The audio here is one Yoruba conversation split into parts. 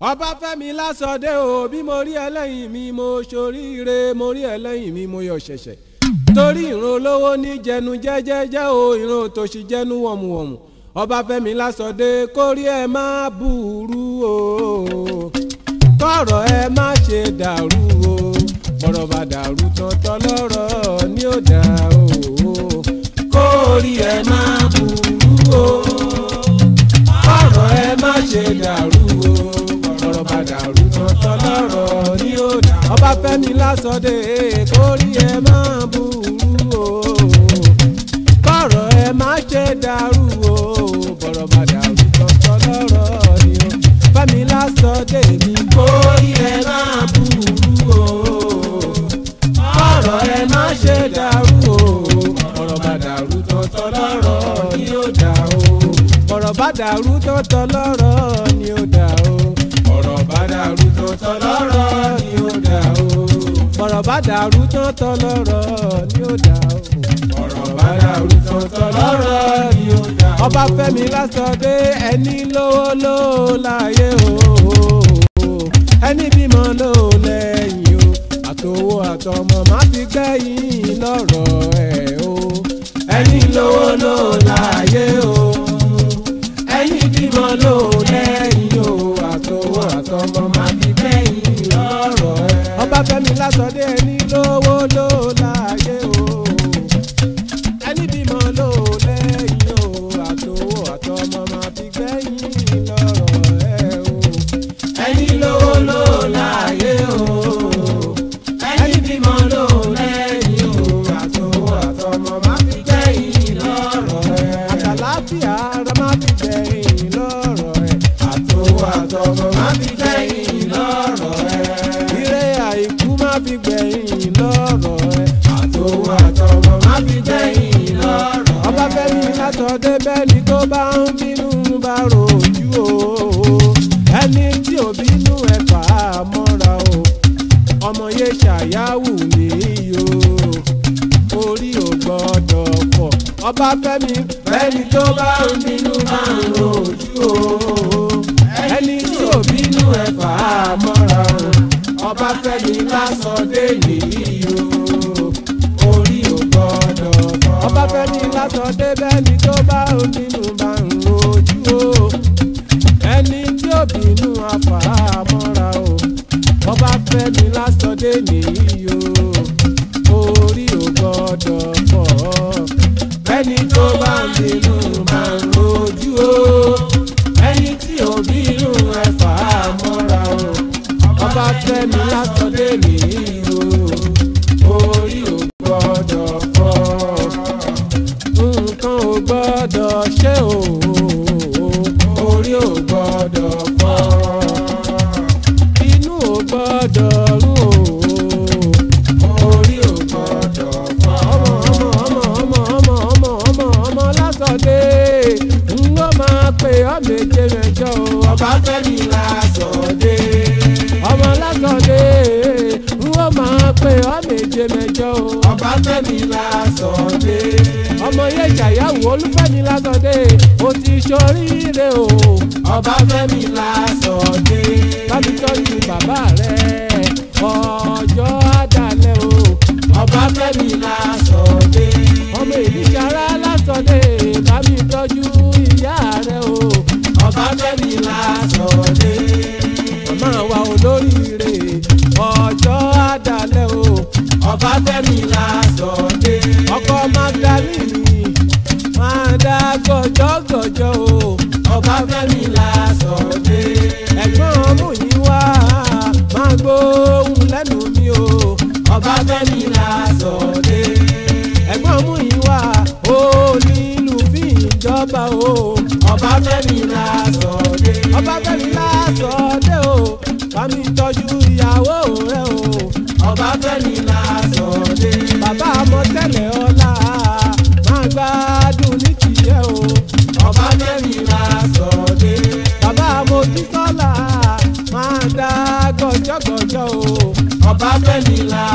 Ọbáfẹ́mi Lásọdé o bí mo rí ẹlẹ́yìn mi mo ṣoríire mo rí ẹlẹ́yìn mi mo yọ̀ ṣẹ̀ṣẹ̀ torí ìran olówó ní jẹnu jẹ́jẹ́jẹ́ o ìran òtòṣì jẹnu wọ̀mùwọ̀mù Ọbáfẹ́mi Lásọdé kórí ẹ má burú o kọ̀rọ̀ ẹ má ṣe dàrú o ọ̀rọ̀ bá dàrú tọ̀tọ̀ lọ́rọ̀ ní òdà o kórí ẹ má burú o kọ̀rọ̀ ẹ má ṣe dàrú. Sunday kórí ẹ má burú o kọ̀rọ̀ ẹ má ṣe dàrú o bọ̀rọ̀ má dàrú tọ̀tọ̀ lọ́rọ̀ ni o Fẹ́milá Sunday mi kórí ẹ má burú o kọ̀rọ̀ ẹ má ṣe dàrú o bọ̀rọ̀ má dàrú tọ̀tọ̀ lọ́rọ̀ ni ó dà o bọ̀rọ̀ bá dàrú tọ̀tọ̀ lọ́rọ̀ ni ó dà o bọ̀rọ̀ bá dàrú tọ̀tọ̀ lọ́rọ̀ ni ó dà o ọ̀rọ̀ bá dàrú tán tán lọ́rọ̀ ni ó dà o. ọ̀rọ̀ bá dàrú tán tán lọ́rọ̀ ni ó dà o. ọba Fẹ́mi Lásọdé ẹni lówó ló láàyè o ẹni bímọ ló lẹ́yìn o àtòwò àtọmọ má ti gbẹ̀yìn lọ́rọ̀ ẹ̀ o ẹni lówó ló sátọ̀dé bẹ́ni tó bá ń bínú bá rojú o ẹni tí ò bínú ẹ̀ fà á mọ́ra o ọmọ yé ṣàyáwù mí yó orí ò gbọ́dọ̀ pọ̀ ọba fẹ́mi bẹ́ni tó bá ń bínú bá rojú o ẹni tí ò bínú ẹ̀ fà á mọ́ra o ọba fẹ́mi lásọdé nìyí o. o orí ò gbọ́dọ̀ pọ̀ ẹni tó bá ń bínú máa o ẹni tí ò bínú ẹ o ọba tẹ́mi látọ̀dé mi o orí ò gbọ́dọ̀ pọ̀ nǹkan inú ò gbọ́dọ̀ méje mẹ́jọ o. ọba fẹ́mi lásọdé. ọmọ yẹn jàyàwó olúfẹ́mi lásọdé o ti ṣoríire o. ọba fẹ́mi lásọdé. ọba fẹ́mi lásọdé ọba fẹ́mi lásọdé o bámi tọ́jú ìyàwó rẹ o ọba fẹ́mi lásọdé bàbá àmọ̀tẹ́lẹ̀ ọlá máa gbádùn ní tìyẹ o ọba fẹ́mi lásọdé bàbá àmọ̀títọ́lá máa dá gọjọgọjọ o ọba fẹ́mi lásọdé.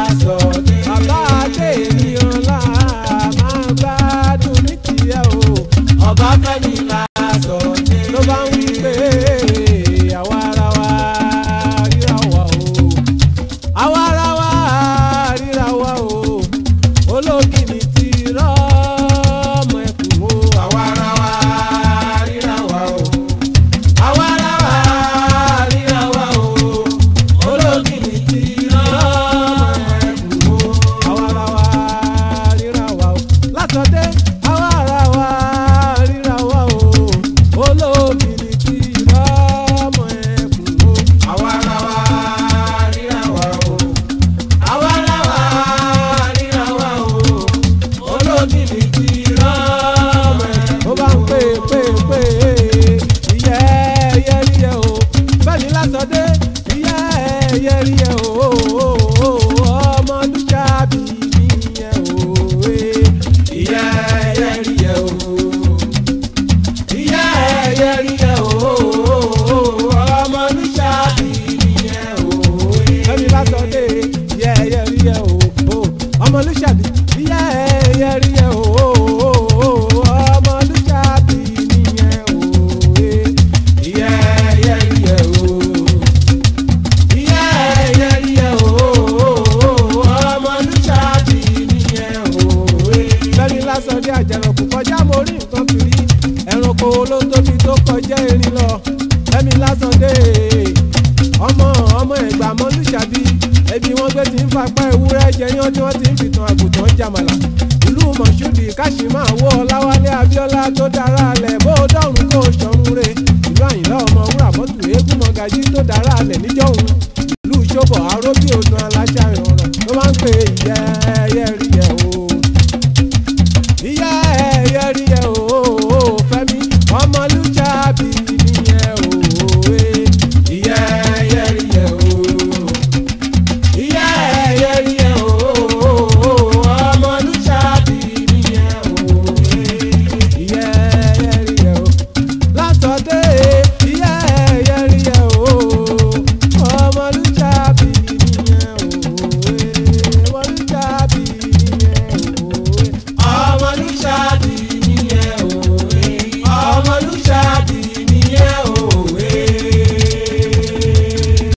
lọ́yán tí wọ́n ti ń fìtàn àgùntàn jàmàlà ìlú mọ̀ṣúdì káṣí máa wọ́ ọláwálé abíọ́lá tó dára alẹ̀ bó dọ̀rùn kó sọ̀rùn re ìlú àyìnlá ọmọ wúrà mọ́tò eégún mọ̀gájí tó dára alẹ̀ níjọ́ òun ìlú ṣọ́bọ̀ aróbí òdùn aláṣà ìrànràn ló máa ń pè é ìyẹ́